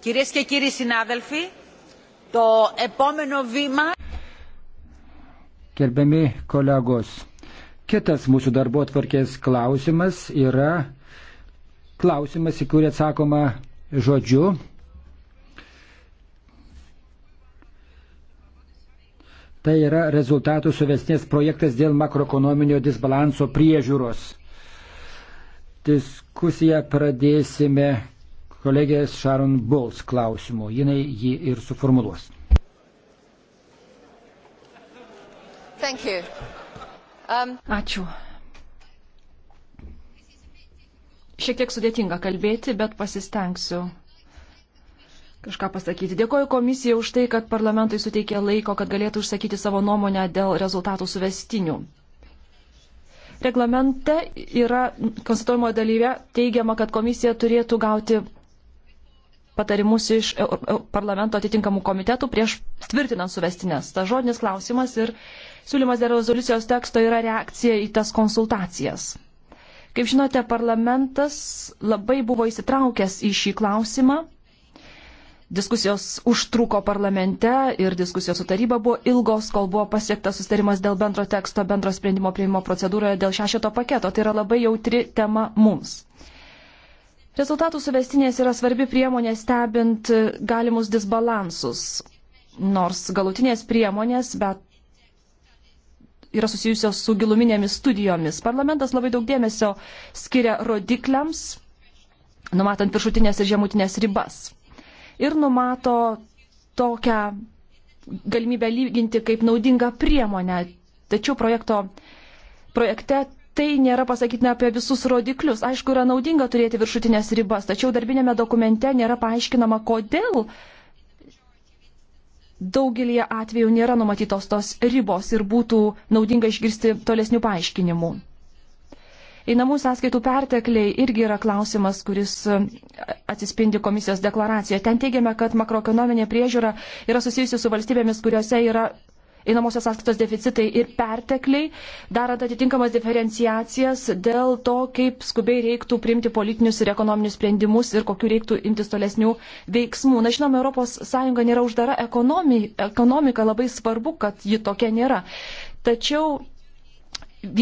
Κυρίες και κύριοι συνάδελφοι, το επόμενο βήμα... Gerbiami kolegos, kitas mūsų darbo atvarkės klausimas yra klausimas, į kurį atsakoma žodžiu. Tai yra rezultatų suvesnės projektas dėl makroekonominio disbalanso priežiūros. Diskusiją pradėsime kolegės Sharon Bowles klausimu. Jinai jį ir suformuluos. Um... Ačiū. Šiek tiek sudėtinga kalbėti, bet pasistengsiu kažką pasakyti. Dėkoju komisijai už tai, kad parlamentui suteikė laiko, kad galėtų užsakyti savo nuomonę dėl rezultatų suvestinių. Reglamente yra konstatuojimo dalyje teigiama, kad komisija turėtų gauti patarimus iš parlamento atitinkamų komitetų prieš tvirtinant suvestinės. Ta žodinis klausimas ir siūlymas dėl rezoliucijos teksto yra reakcija į tas konsultacijas. Kaip žinote, parlamentas labai buvo įsitraukęs į šį klausimą. Diskusijos užtruko parlamente ir diskusijos su taryba buvo ilgos, kol buvo pasiektas sustarimas dėl bendro teksto, bendro sprendimo prieimimo procedūroje, dėl šešito paketo. Tai yra labai jautri tema mums. Rezultatų suvestinės yra svarbi priemonė stebint e, galimus disbalansus, nors galutinės priemonės, bet yra susijusios su giluminėmis studijomis. Parlamentas labai daug dėmesio skiria rodikliams, numatant viršutinės ir žemutinės ribas. Ir numato tokią galimybę lyginti kaip naudingą priemonę. Tačiau projekto, projekte tai nėra pasakytina apie visus rodiklius. Aišku, yra naudinga turėti viršutinės ribas, tačiau darbinėme dokumente nėra paaiškinama, kodėl daugelį atvejų nėra numatytos tos ribos ir būtų naudinga išgirsti tolesnių paaiškinimų. Einamų sąskaitų pertekliai irgi yra klausimas, kuris atsispindi komisijos deklaracijoje. Ten teigiame, kad makroekonominė priežiūra yra susijusi su valstybėmis, kuriuose yra einamosios sąskaitos deficitai ir pertekliai, darant atitinkamas diferenciacijas dėl to, kaip skubiai reiktų priimti politinius ir ekonominius sprendimus ir kokiu reiktų imtis tolesnių veiksmų. Na, žinoma, ES nėra uždara ekonomika, labai svarbu, kad ji tokia nėra. Tačiau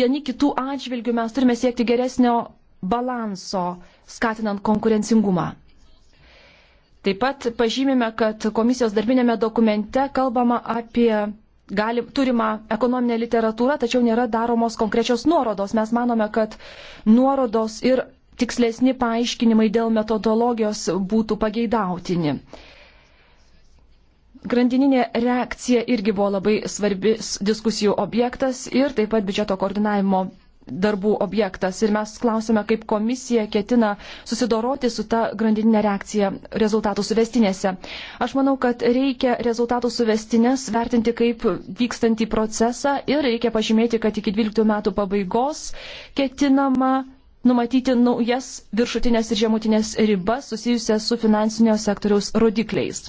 vieni kitų atžvilgių mes turime siekti geresnio balanso, skatinant konkurencingumą. Taip pat pažymime, kad komisijos darbinėme dokumente kalbama apie gali, turima ekonominė literatūra, tačiau nėra daromos konkrečios nuorodos. Mes manome, kad nuorodos ir tikslesni paaiškinimai dėl metodologijos būtų pageidautini. Grandininė reakcija irgi buvo labai svarbi diskusijų objektas ir taip pat biudžeto koordinavimo darbų objektas. Ir mes klausime, kaip komisija ketina susidoroti su ta grandininė reakcija rezultatų suvestinėse. Aš manau, kad reikia rezultatų suvestinės vertinti kaip vykstantį procesą ir reikia pažymėti, kad iki 12 metų pabaigos ketinama numatyti naujas viršutinės ir žemutinės ribas susijusias su finansinio sektoriaus rodikliais.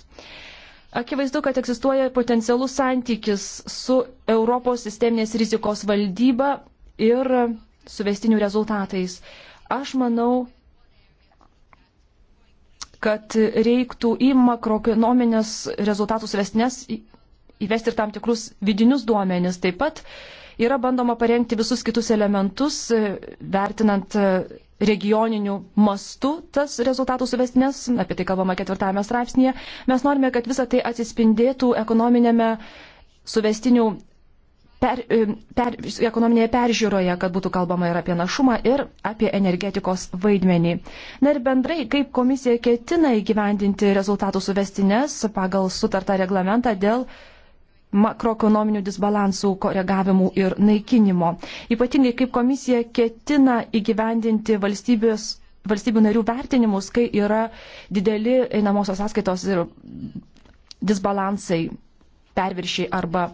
Akivaizdu, kad egzistuoja potencialus santykis su Europos sisteminės rizikos valdyba ir suvestinių rezultatais. Aš manau, kad reiktų į makroekonominės rezultatų suvestinės įvesti ir tam tikrus vidinius duomenis. Taip pat yra bandoma parengti visus kitus elementus, e, vertinant e, regioninių mastų tas rezultatų suvestinės, apie tai kalbama ketvirtame straipsnėje. Mes norime, kad visa tai atsispindėtų ekonominėme suvestinių per, e, per, ekonominėje peržiūroje, kad būtų kalbama ir apie našumą, ir apie energetikos vaidmenį. Na ir bendrai, kaip komisija ketina įgyvendinti rezultatų suvestinės pagal sutartą reglamentą dėl makroekonominių disbalansų koregavimų ir naikinimo. Ypatingai, kaip komisija ketina įgyvendinti valstybės valstybių narių vertinimus, kai yra dideli einamosios sąskaitos ir disbalansai, perviršiai arba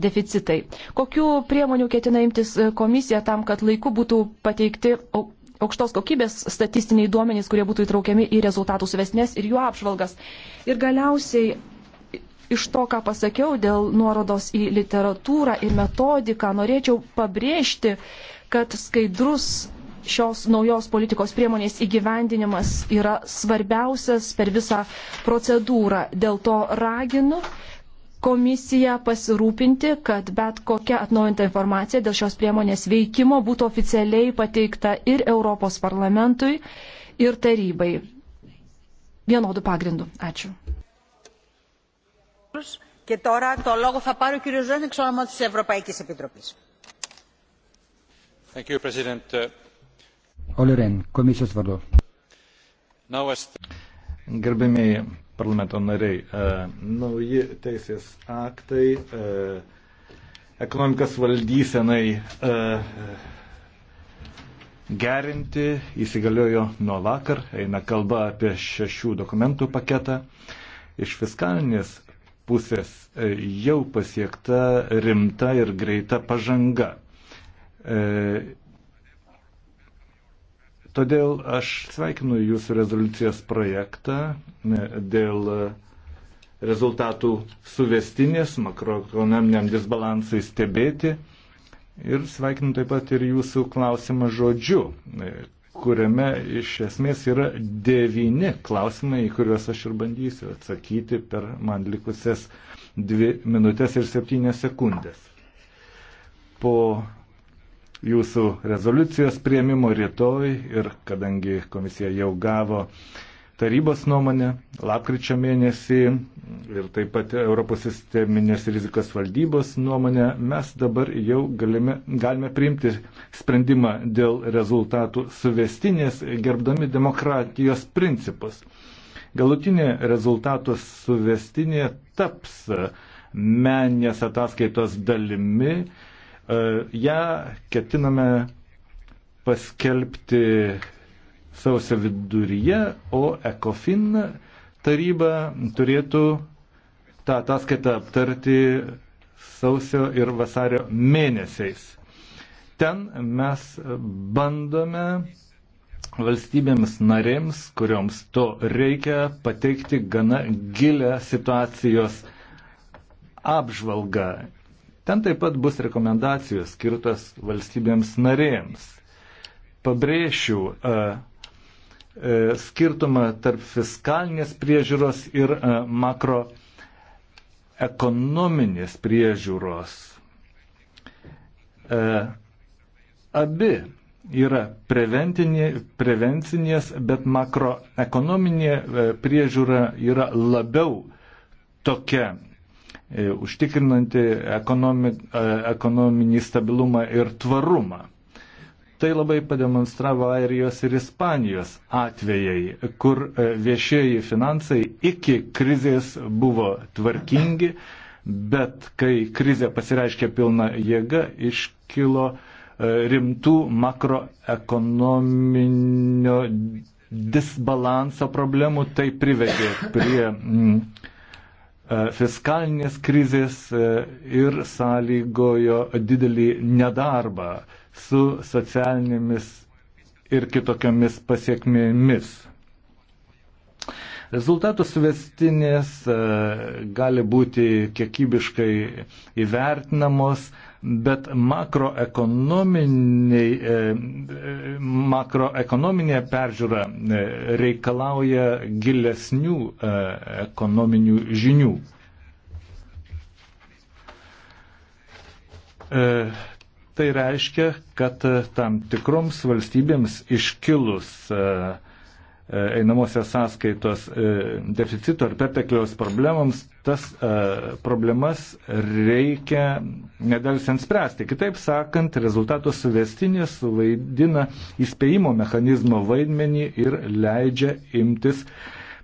deficitai. Kokiu priemonių ketina imtis e, komisija tam, kad laiku būtų pateikti aukštos kokybės statistiniai duomenys, kurie būtų įtraukiami į rezultatų suvesnės ir jų apžvalgas. Ir galiausiai iš to, ką pasakiau dėl nuorodos į literatūrą ir metodiką, norėčiau pabrėžti, kad skaidrus šios naujos politikos priemonės įgyvendinimas yra svarbiausias per visą procedūrą. Dėl to raginu komisiją pasirūpinti, kad bet kokia atnaujinta informacija dėl šios priemonės veikimo būtų oficialiai pateikta ir Europos parlamentui, ir tarybai. Vienodų pagrindų. Ačiū. Και τώρα το λόγο θα πάρει ο κύριος Ζώας εξ ονομάτων της Ευρωπαϊκής Επιτροπής. Thank you, President. Oliren, komisijos vardu. Now, as... Gerbėmiai parlamento nariai. E, nauji teisės aktai e, ekonomikas valdysenai e, gerinti įsigaliojo nuo vakar. Eina kalba apie šešių dokumentų paketą. Iš fiskalinės pusės jau pasiekta rimta ir greita pažanga. Todėl aš sveikinu jūsų rezoliucijos projektą e, dėl e, rezultatų suvestinės makroekonominiam disbalansui stebėti ir sveikinu taip pat ir jūsų klausimą žodžiu, e, kuriame iš esmės yra devyni klausimai, į kuriuos aš ir bandysiu atsakyti per man likusias dvi minutės ir septynės sekundės. Po jūsų rezoliucijos prieimimo rytoj ir kadangi komisija jau gavo tarybos nuomonę lapkričio mėnesį ir taip pat Europos sisteminės rizikos valdybos nuomonę, mes dabar jau galime, galime priimti sprendimą dėl rezultatų suvestinės, gerbdami demokratijos principus. Galutinė rezultatų suvestinė taps meninės ataskaitos dalimi, E, ja ketiname paskelbti sausio viduryje, o ECOFIN taryba turėtų tą ataskaitą aptarti sausio ir vasario mėnesiais. Ten mes bandome valstybėms narėms, kurioms to reikia, pateikti gana gilę situacijos apžvalgą Ten taip pat bus rekomendacijos skirtas valstybėms narėms. Pabrėšiu e, e, skirtumą tarp fiskalinės priežiūros ir e, makroekonominės priežiūros. E, abi yra prevencinės, bet makroekonominė e, priežiūra yra labiau tokia E, užtikrinanti ekonomi, e, ekonominį stabilumą ir tvarumą. Tai labai pademonstravo Airijos ir Ispanijos atvejai, kur e, viešieji finansai iki krizės buvo tvarkingi, bet kai krizė pasireiškė pilna jėga, iškilo rimtų makroekonominio disbalanso problemų, tai privedė prie mm, E, fiskalinės krizės e, ir sąlygojo didelį nedarbą su socialinėmis ir kitokiamis pasiekmėmis. Rezultatų suvestinės e, gali būti kiekybiškai įvertinamos, bet e, makroekonominė peržiūra e, reikalauja gilesnių e, ekonominių žinių. Tai reiškia, kad tam tikroms valstybėms iškilus einamosios sąskaitos deficito ar pertekliaus problemams, tas problemas reikia nedelsiant spręsti. Kitaip sakant, rezultato suvestinė suvaidina įspėjimo mechanizmo vaidmenį ir leidžia imtis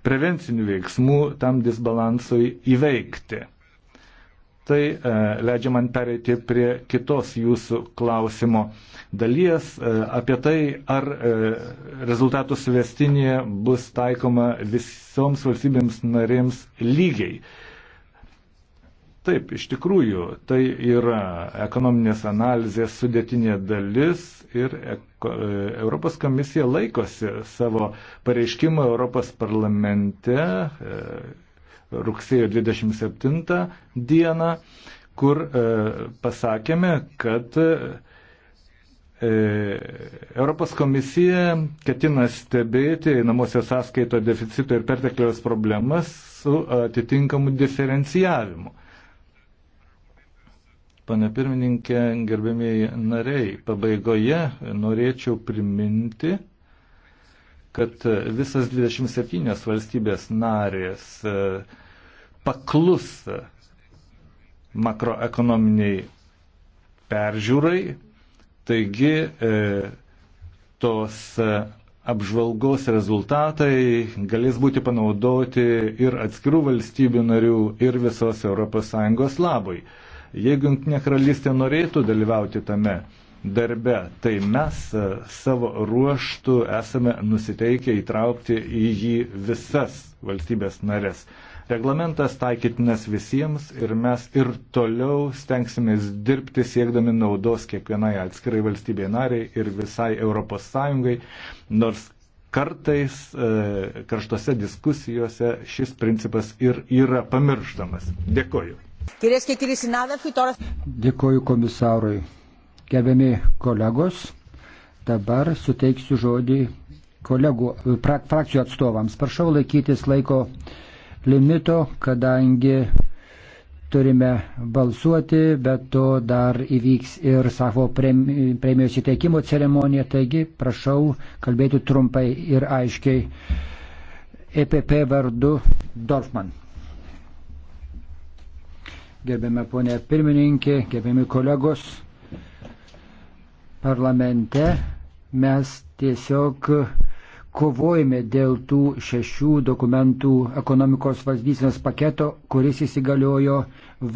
prevencinių veiksmų tam disbalansui įveikti. Tai e, leidžia man pereiti prie kitos jūsų klausimo dalies e, apie tai, ar e, rezultatų suvestinė bus taikoma visoms valstybėms narėms lygiai. E, Taip, iš tikrųjų, tai yra ekonominės analizės sudėtinė dalis ir e, Europos komisija laikosi savo pareiškimą Europos parlamente e, rugsėjo 27 dieną, kur e, pasakėme, kad Europos komisija ketina stebėti namuose sąskaito deficito ir pertekliaus problemas su atitinkamu diferencijavimu. Pane pirmininkė, gerbėmėjai nariai, pabaigoje norėčiau priminti, kad visas 27 valstybės narės e, paklus makroekonominiai peržiūrai, taigi e, tos apžvalgos rezultatai galės būti panaudoti ir atskirų valstybių narių, ir visos ES labui. Jeigu Junktinė karalystė norėtų dalyvauti tame darbe, tai mes e, savo ruoštų esame nusiteikę įtraukti į jį visas valstybės narės. Reglamentas taikytinas visiems ir mes ir toliau stengsimės dirbti siekdami naudos kiekvienai atskirai valstybėje nariai ir visai ES, nors kartais e, karštose diskusijose šis principas ir yra pamirštamas. Dėkoju. Dėkoju komisarui. Gerbiami kolegos, dabar suteiksiu žodį kolegų, pra, frakcijų atstovams. Prašau laikytis laiko limito, kadangi turime balsuoti, bet to dar įvyks ir savo premijos įteikimo ceremonija, taigi prašau kalbėti trumpai ir aiškiai EPP vardu Dorfman gerbiame ponė pirmininkė, gerbiami kolegos. Parlamente mes tiesiog kovojame dėl tų šešių dokumentų ekonomikos valdysenos paketo, kuris įsigaliojo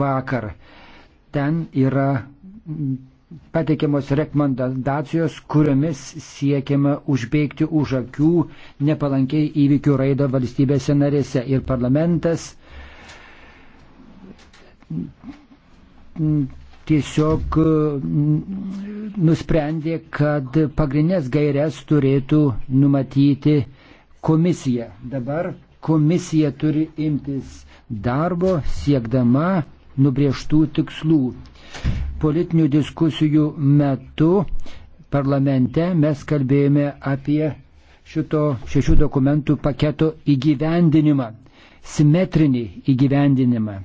vakar. Ten yra pateikiamos rekomendacijos, kuriomis siekiama užbėgti už akių nepalankiai įvykių raidą valstybėse narėse. Ir parlamentas tiesiog e, nusprendė, kad pagrindinės gairias turėtų numatyti komisija. Dabar komisija turi imtis darbo siekdama nubrieštų tikslų. Politinių diskusijų metu parlamente mes kalbėjome apie šito šešių dokumentų paketo įgyvendinimą, simetrinį įgyvendinimą.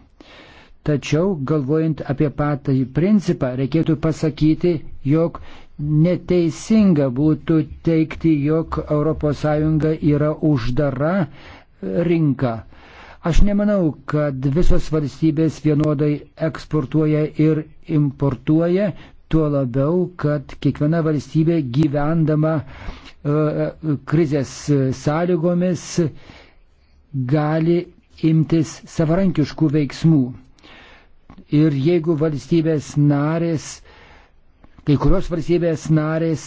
Tačiau, galvojant apie patį principą, reikėtų pasakyti, jog neteisinga būtų teikti, jog ES yra uždara rinka. Aš nemanau, kad visos valstybės vienodai eksportuoja ir importuoja, tuo labiau, kad kiekviena valstybė gyvendama e, krizės sąlygomis gali imtis savarankiškų veiksmų ir jeigu valstybės narės, kai kurios valstybės narės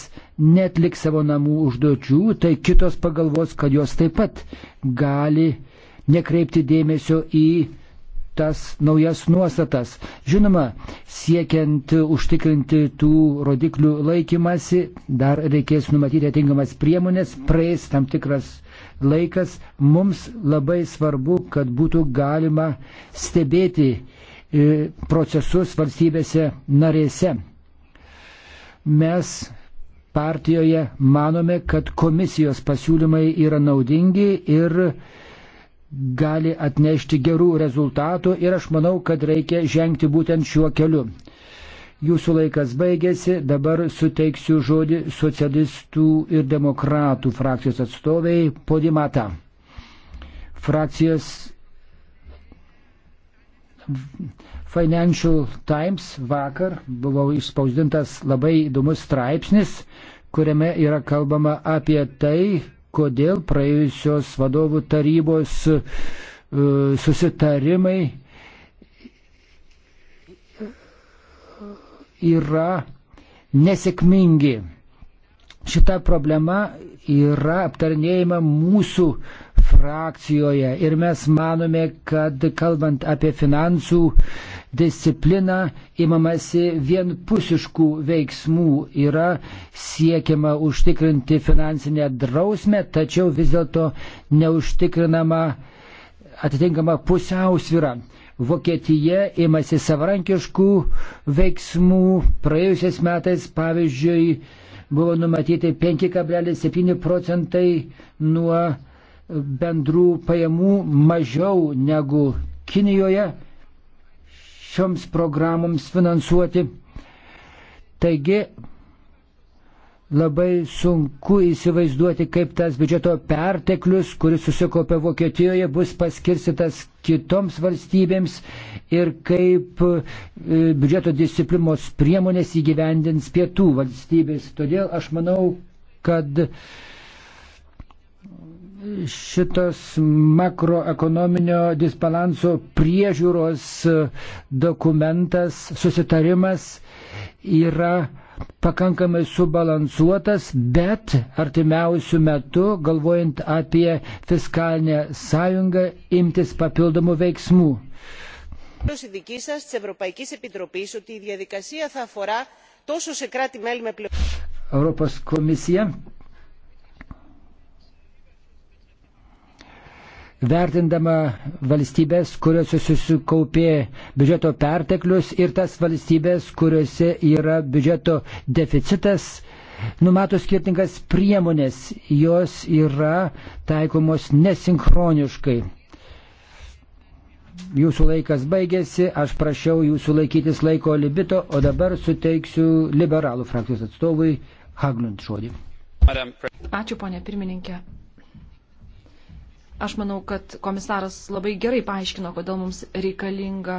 net liks savo namų užduočių, tai kitos pagalvos, kad jos taip pat gali nekreipti dėmesio į tas naujas nuostatas. Žinoma, siekiant užtikrinti tų rodiklių laikymasi, dar reikės numatyti atingamas priemonės, praeis tam tikras laikas, mums labai svarbu, kad būtų galima stebėti procesus valstybėse narėse. Mes partijoje manome, kad komisijos pasiūlymai yra naudingi ir gali atnešti gerų rezultatų ir aš manau, kad reikia žengti būtent šiuo keliu. Jūsų laikas baigėsi, dabar suteiksiu žodį socialistų ir demokratų frakcijos atstoviai Podimata. Frakcijos Financial Times vakar buvo išspausdintas labai įdomus straipsnis, kuriame yra kalbama apie tai, kodėl praėjusios vadovų tarybos e, susitarimai yra nesėkmingi. Šita problema yra aptarnėjama mūsų frakcijoje ir mes manome, kad kalbant apie finansų discipliną imamasi vienpusiškų veiksmų, yra siekiama užtikrinti finansinę drausmę, tačiau vis dėlto neužtikrinama atitinkama pusiausvyra. Vokietija imasi savarankiškų veiksmų. Praėjusiais metais, pavyzdžiui, buvo numatyti 5,7 procentai nuo bendrų pajamų mažiau negu Kinijoje šioms programoms finansuoti. Taigi labai sunku įsivaizduoti, kaip tas biudžeto perteklius, kuris susikopė Vokietijoje, bus paskirstytas kitoms valstybėms ir kaip e, biudžeto disciplinos priemonės įgyvendins pietų valstybės. Todėl aš manau, kad šitos makroekonominio disbalanso priežiūros dokumentas, susitarimas yra pakankamai subalansuotas, bet artimiausių metų, galvojant apie fiskalinę sąjungą, imtis papildomų veiksmų. Europos komisija vertindama valstybės, kuriuose susikaupė biudžeto perteklius ir tas valstybės, kuriuose yra biudžeto deficitas, numato skirtingas priemonės, jos yra taikomos nesinchroniškai. Jūsų laikas baigėsi, aš prašiau jūsų laikytis laiko libito, o dabar suteiksiu liberalų frakcijos atstovui Haglund žodį. Ačiū, ponė pirmininkė. Aš manau, kad komisaras labai gerai paaiškino, kodėl mums reikalinga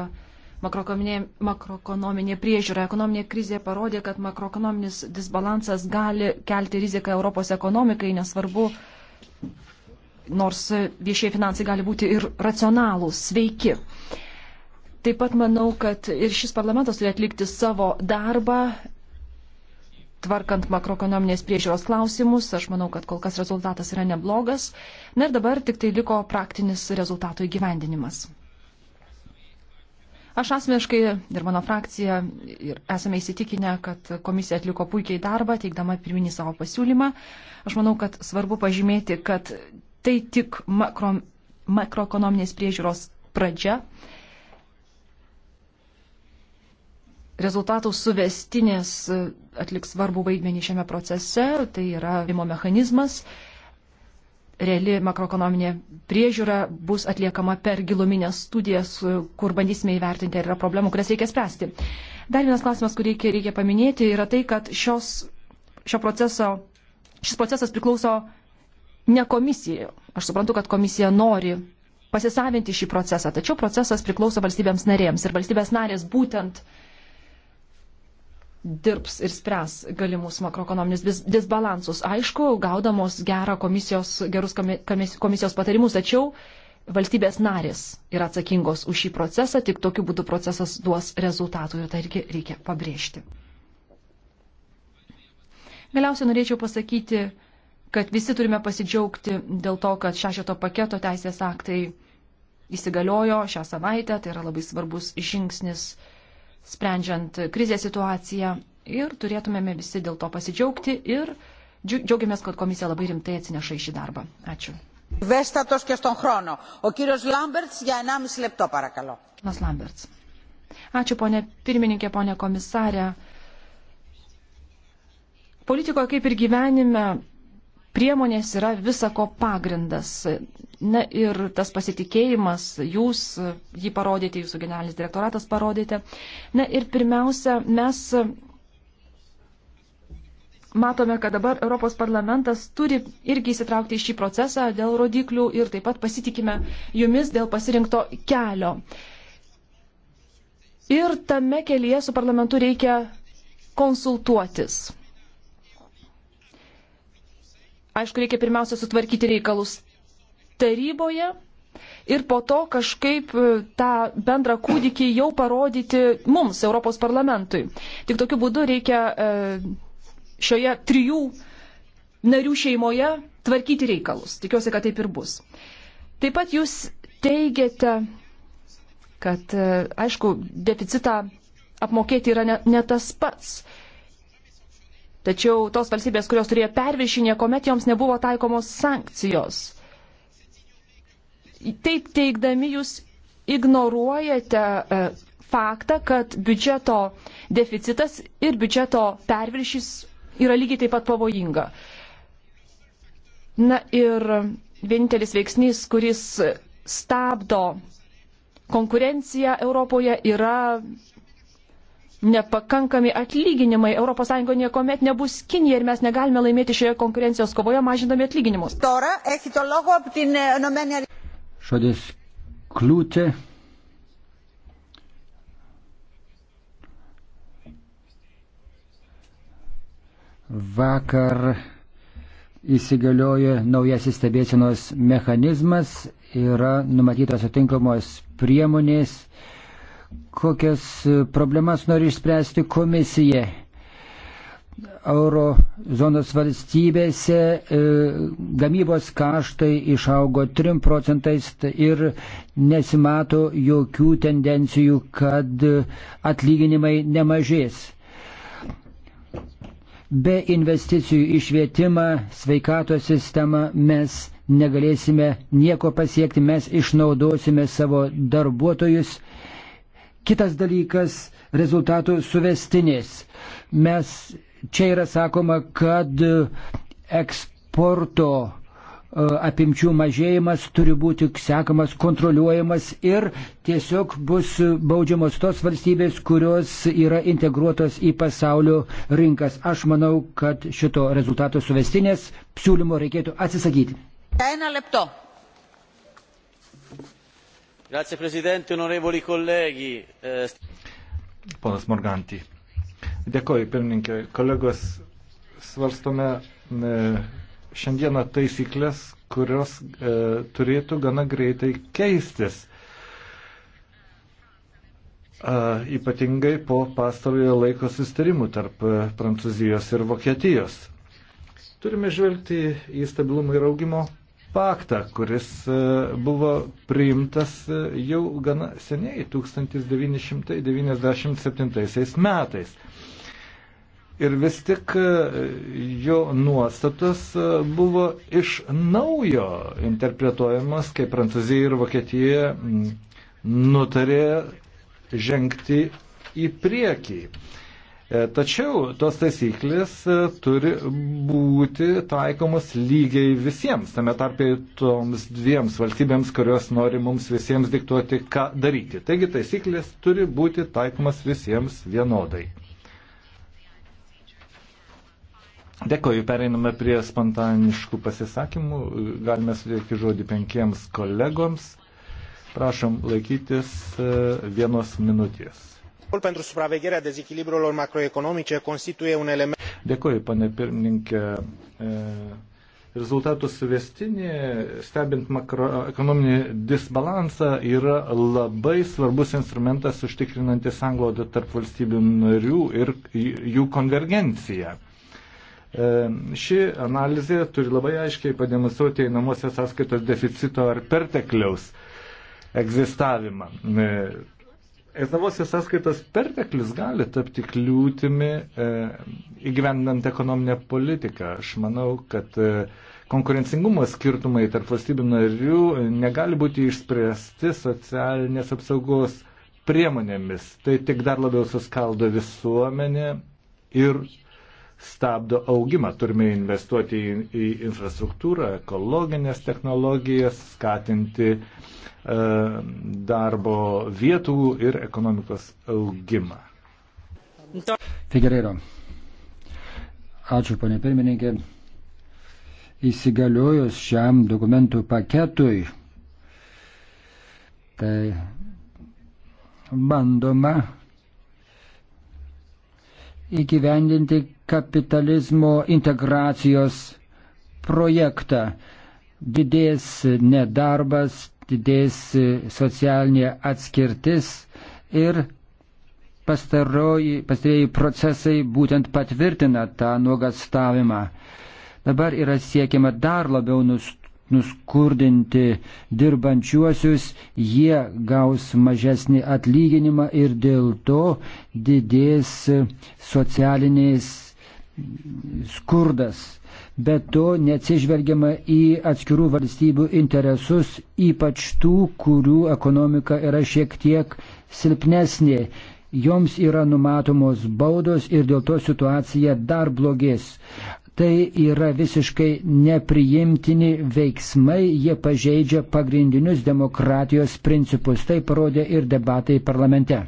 makroekonominė priežiūra. Ekonominė krizė parodė, kad makroekonominis disbalansas gali kelti riziką Europos ekonomikai, nesvarbu, nors viešieji finansai gali būti ir racionalūs, sveiki. Taip pat manau, kad ir šis parlamentas turi atlikti savo darbą, tvarkant makroekonominės priežiūros klausimus. Aš manau, kad kol kas rezultatas yra neblogas. Na ir dabar tik tai liko praktinis rezultato įgyvendinimas. Aš asmeniškai ir mano frakcija ir esame įsitikinę, kad komisija atliko puikiai darbą, teikdama pirminį savo pasiūlymą. Aš manau, kad svarbu pažymėti, kad tai tik makro, makroekonominės priežiūros pradžia. rezultatų suvestinės e, atliks svarbu vaidmenį šiame procese, tai yra vimo mechanizmas. Reali makroekonominė priežiūra bus atliekama per giluminės studijas, e, kur bandysime įvertinti, ar yra problemų, kurias reikia spręsti. Dar vienas klausimas, kurį reikia, reikia paminėti, yra tai, kad šios, šio proceso, šis procesas priklauso ne komisijai. Aš suprantu, kad komisija nori pasisavinti šį procesą, tačiau procesas priklauso valstybėms narėms ir valstybės narės būtent uh, dirbs ir spręs galimus makroekonominius disbalansus. Aišku, gaudamos gerą komisijos, gerus komisijos patarimus, tačiau valstybės narės yra atsakingos už šį procesą, tik tokiu būdu procesas duos rezultatų ir tai irgi reikia pabrėžti. Galiausiai norėčiau pasakyti, kad visi turime pasidžiaugti dėl to, kad šešito paketo teisės aktai įsigaliojo šią savaitę, tai yra labai svarbus žingsnis sprendžiant krizės situaciją ir turėtumėme visi dėl to pasidžiaugti ir džiaugiamės, kad komisija labai rimtai atsineša į šį darbą. Ačiū. Vėstatos και στον χρόνο. Ο κύριος Λάμπερτς για 1,5 λεπτό παρακαλώ. Μας Λάμπερτς. Ačiū ponė pirmininkė, ponė komisarė. Politikoje kaip ir gyvenime priemonės yra visako pagrindas. Na ir tas pasitikėjimas, jūs jį parodėte, jūsų generalinis direktoratas parodėte. Na ir pirmiausia, mes matome, kad dabar Europos parlamentas turi irgi įsitraukti į šį procesą dėl rodiklių ir taip pat pasitikime jumis dėl pasirinkto kelio. Ir tame kelyje su parlamentu reikia konsultuotis. Aišku, reikia pirmiausia sutvarkyti reikalus taryboje ir po to kažkaip e, tą bendrą kūdikį jau parodyti mums, Europos parlamentui. Tik tokiu būdu reikia e, šioje trijų narių šeimoje tvarkyti reikalus. Tikiuosi, kad taip ir bus. Taip pat jūs teigiate, kad, e, aišku, deficitą apmokėti yra ne, ne tas pats. Tačiau tos valstybės, kurios turėjo perviršį, niekuomet joms nebuvo taikomos sankcijos. Taip teikdami jūs ignoruojate e, faktą, kad biudžeto deficitas ir biudžeto perviršys yra lygiai taip pat pavojinga. Na ir vienintelis veiksnys, kuris stabdo konkurenciją Europoje, yra nepakankami atlyginimai. ES niekuomet nebus Kinija ir mes negalime laimėti šioje konkurencijos kovoje mažindami atlyginimus. Šodis e, kliūtė. Vakar įsigaliojo naujasis stebėsienos mechanizmas, yra numatytos atinkamos priemonės, uh, kokias e, problemas nori išspręsti komisija. Euro zonos valstybėse e, gamybos kaštai išaugo 3 procentais ir nesimato jokių tendencijų, kad e, atlyginimai nemažės. Be investicijų į švietimą, sveikatos sistemą mes negalėsime nieko pasiekti, mes išnaudosime savo darbuotojus Kitas dalykas - rezultatų suvestinės. Mes čia yra sakoma, kad eksporto e, apimčių mažėjimas turi būti sekamas, kontroliuojamas ir tiesiog bus baudžiamos tos valstybės, kurios yra integruotos į pasaulio rinkas. Aš manau, kad šito rezultato suvestinės siūlymo reikėtų atsisakyti. Eina lepto. Grazie prezidentė, honorevoli kolegi. Eh, Ponas Morgantį. Dėkoju, pirmininkė. Kolegos, svarstome e, šiandieną taisyklės, kurios e, turėtų gana greitai keistis. E, ypatingai po pastarojo laiko sustarimų tarp e, Prancūzijos ir Vokietijos. Turime žvelgti į stabilumo ir augimo paktą, kuris e, buvo priimtas e, jau gana seniai, 1997 metais. Ir vis tik e, jo nuostatos buvo iš naujo interpretuojamas, kai Prancūzija ir Vokietija nutarė žengti į priekį. E, tačiau tos taisyklės e, turi būti taikomos lygiai visiems, tame tarpe toms dviems valstybėms, kurios nori mums visiems diktuoti, ką daryti. Taigi taisyklės turi būti taikomas visiems vienodai. Dėkoju, pereiname prie spontaniškų pasisakymų. Galime sudėti žodį penkiems kolegoms. Prašom laikytis e, vienos minutės pentru supravegherea dezechilibrelor macroeconomice constituie un element. Dėkuoju, pane pirmininkė. E, rezultatų suvestinė, stebint makroekonominį disbalansą, yra labai svarbus instrumentas užtikrinantis anglodą tarp valstybių narių ir jų konvergenciją. E, ši analizė turi labai aiškiai pademonstruoti einamosios sąskaitos deficito ar pertekliaus egzistavimą. E, Eisdavosios sąskaitos perteklius gali tapti kliūtimi e, įgyvendant ekonominę politiką. Aš manau, kad e, konkurencingumo skirtumai tarp valstybių narių e, negali būti išspręsti socialinės apsaugos priemonėmis. Tai tik dar labiau suskaldo visuomenę ir stabdo augimą. Turime investuoti į, į infrastruktūrą, ekologinės technologijas, skatinti e, darbo vietų ir ekonomikos augimą. Figereiro. Tai Ačiū, ponė pirmininkė. Įsigaliojus šiam dokumentų paketui, tai bandoma įgyvendinti kapitalizmo integracijos projektą. Didės nedarbas, didės socialinė atskirtis ir pastarėjai procesai būtent patvirtina tą nuogastavimą. Dabar yra siekiama dar labiau nus, nuskurdinti dirbančiuosius, jie gaus mažesnį atlyginimą ir dėl to didės socialinės skurdas. Bet to neatsižvelgiama į atskirų valstybių interesus, ypač tų, kurių ekonomika yra šiek tiek silpnesnė. Joms yra numatomos baudos ir dėl to situacija dar blogės. Tai yra visiškai nepriimtini veiksmai, jie pažeidžia pagrindinius demokratijos principus. Tai parodė ir debatai parlamente.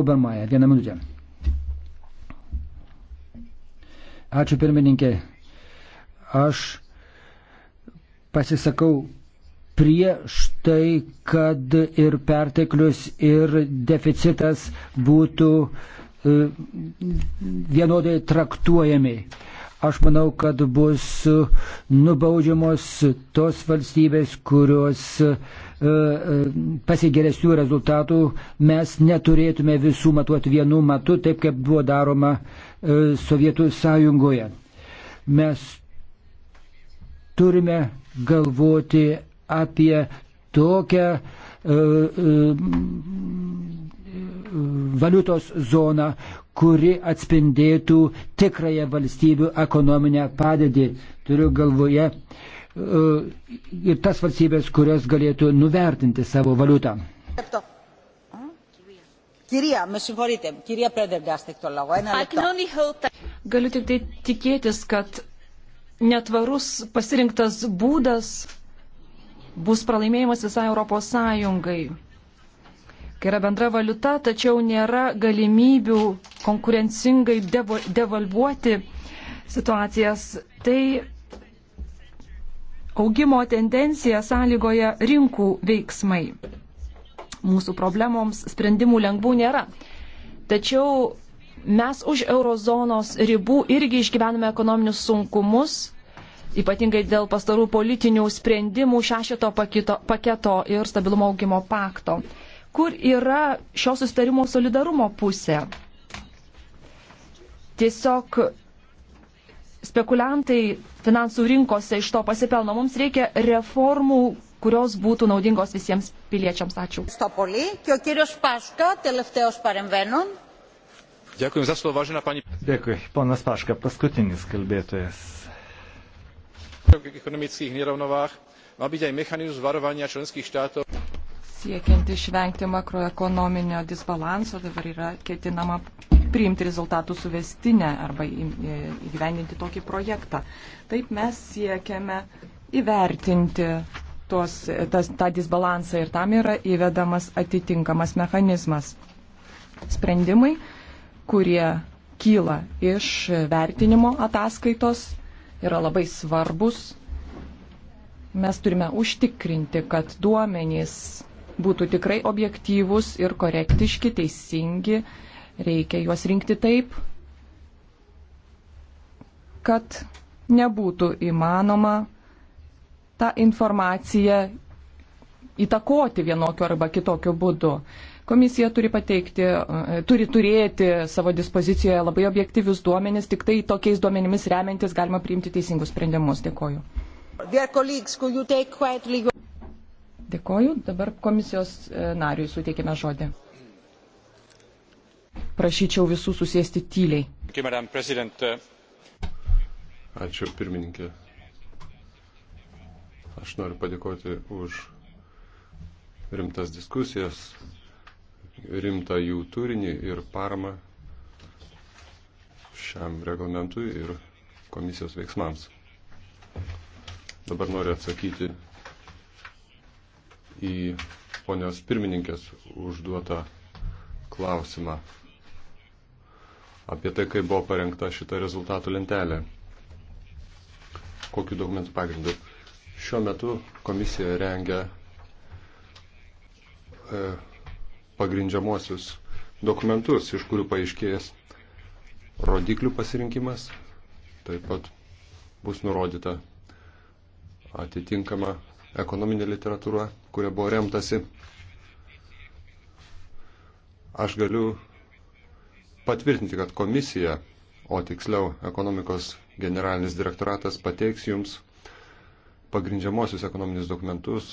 Obermaja, vieną minutę. Ačiū pirmininkė. Aš pasisakau prieš tai, kad ir perteklius, ir deficitas būtų e, vienodai traktuojami. Aš manau, kad bus nubaudžiamos tos valstybės, kurios e, e, pasigeresnių rezultatų mes neturėtume visų matuoti vienu matu, taip kaip buvo daroma e, Sovietų sąjungoje. Mes turime galvoti apie tokią valiutos zoną, kuri atspindėtų tikrąją valstybių ekonominę padėtį. Turiu galvoje e, ir tas valstybės, kurios galėtų nuvertinti savo valiutą. Galiu tik tai tikėtis, kad netvarus pasirinktas būdas bus pralaimėjimas visai Europos Sąjungai kai yra bendra valiuta, tačiau nėra galimybių konkurencingai devalvuoti situacijas, tai augimo tendencija sąlygoja rinkų veiksmai. Mūsų problemoms sprendimų lengvų nėra. Tačiau mes už eurozonos ribų irgi išgyvename ekonominius sunkumus, ypatingai dėl pastarų politinių sprendimų šešito pakito, paketo ir stabilumo augimo pakto. Kur yra šio susitarimo solidarumo pusė? Tiesiog spekuliantai finansų rinkose iš to pasipelno. Mums reikia reformų, kurios būtų naudingos visiems piliečiams. Ačiū. Dėkui, za slovo, vážená pani. Dėkui, ponas Paška, paskutinis kalbėtojas. ekonomických nerovnovách má byť aj mechanizmus varovania členských štátov siekiant išvengti makroekonominio disbalanso, dabar yra ketinama priimti rezultatų suvestinę arba įgyvendinti tokį projektą. Taip mes siekiame įvertinti tos, tas, tą disbalansą ir tam yra įvedamas atitinkamas mechanizmas. Sprendimai, kurie kyla iš vertinimo ataskaitos, yra labai svarbus. Mes turime užtikrinti, kad duomenys būtų tikrai objektyvūs ir korektiški, teisingi. Reikia juos rinkti taip, kad nebūtų įmanoma tą informaciją įtakoti vienokiu arba kitokiu būdu. Komisija turi pateikti, e, turi turėti savo dispozicijoje labai objektyvius duomenis, tik tai tokiais duomenimis remiantis galima priimti teisingus sprendimus. Dėkoju. Dėkoju. Dabar komisijos e, nariui suteikime žodį. Prašyčiau visų susėsti tyliai. Ačiū, pirmininkė. Aš noriu padėkoti už rimtas diskusijas, rimtą jų turinį ir paramą šiam reglamentui ir komisijos veiksmams. Dabar noriu atsakyti į ponios pirmininkės užduotą klausimą apie tai, kaip buvo parengta šita rezultatų lentelė. Kokiu dokumentų pagrindu. Šiuo metu komisija rengia e, pagrindžiamuosius dokumentus, iš kurių paaiškės rodiklių pasirinkimas, taip pat bus nurodyta atitinkama ekonominė literatūra, kuria buvo remtasi. Aš galiu patvirtinti, kad komisija, o tiksliau ekonomikos generalinis direktoratas pateiks jums pagrindžiamosius ekonominius dokumentus,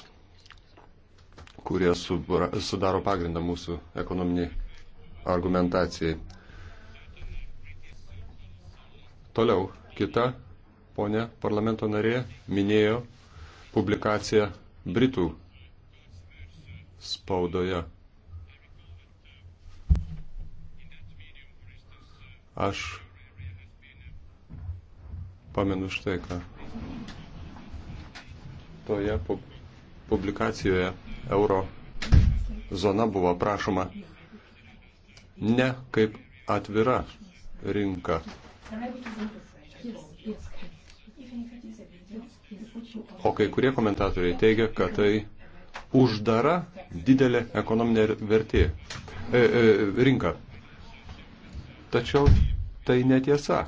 kurie sudaro pagrindą mūsų ekonominiai argumentacijai. Toliau kita ponė parlamento narė minėjo publikacija Britų spaudoje. Aš pamenu štai ką. Toje publikacijoje euro zona buvo prašoma ne kaip atvira rinka. Yes, yes. Even if it is a O kai kurie komentatoriai teigia, kad tai uždara didelė ekonominė vertė, e, e, rinka. Tačiau tai netiesa.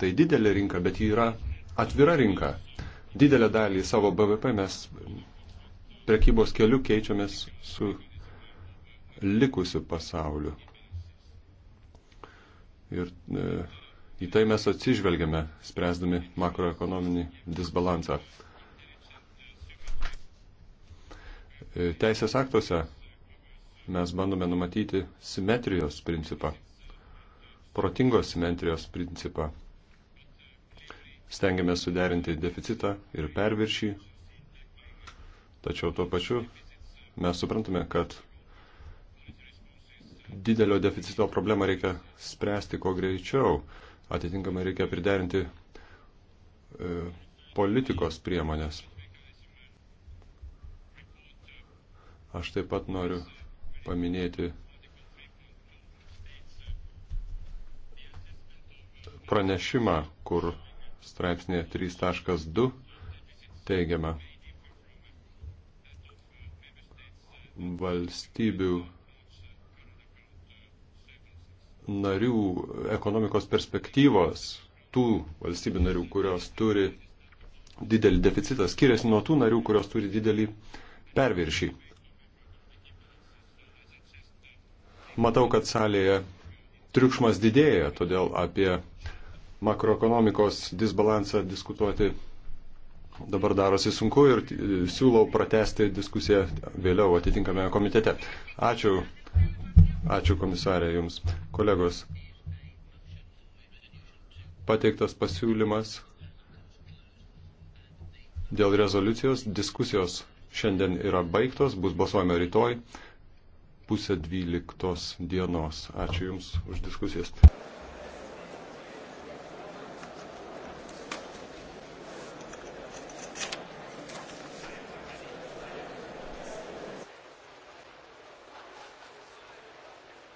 Tai didelė rinka, bet ji yra atvira rinka. Didelę dalį savo BVP mes prekybos keliu keičiamės su likusiu pasauliu. Ir e, Į tai mes atsižvelgiame, spręsdami makroekonominį disbalansą. E, teisės aktuose mes bandome numatyti simetrijos principą, protingos simetrijos principą. Stengiame suderinti deficitą ir perviršį, tačiau tuo pačiu mes suprantame, kad didelio deficito problemą reikia spręsti kuo greičiau Atitinkamai reikia priderinti e, politikos priemonės. Aš taip pat noriu paminėti pranešimą, kur straipsnė 3.2 teigiama valstybių narių ekonomikos perspektyvos, tų valstybių narių, kurios turi didelį deficitą, skiriasi nuo tų narių, kurios turi didelį perviršį. Matau, kad salėje triukšmas didėja, todėl apie makroekonomikos disbalansą diskutuoti dabar darosi sunku ir siūlau pratesti diskusiją vėliau atitinkame komitete. Ačiū Ačiū komisarė Jums. Kolegos, pateiktas pasiūlymas dėl rezoliucijos diskusijos šiandien yra baigtos, bus balsuojama rytoj pusę dvyliktos dienos. Ačiū Jums už diskusijas.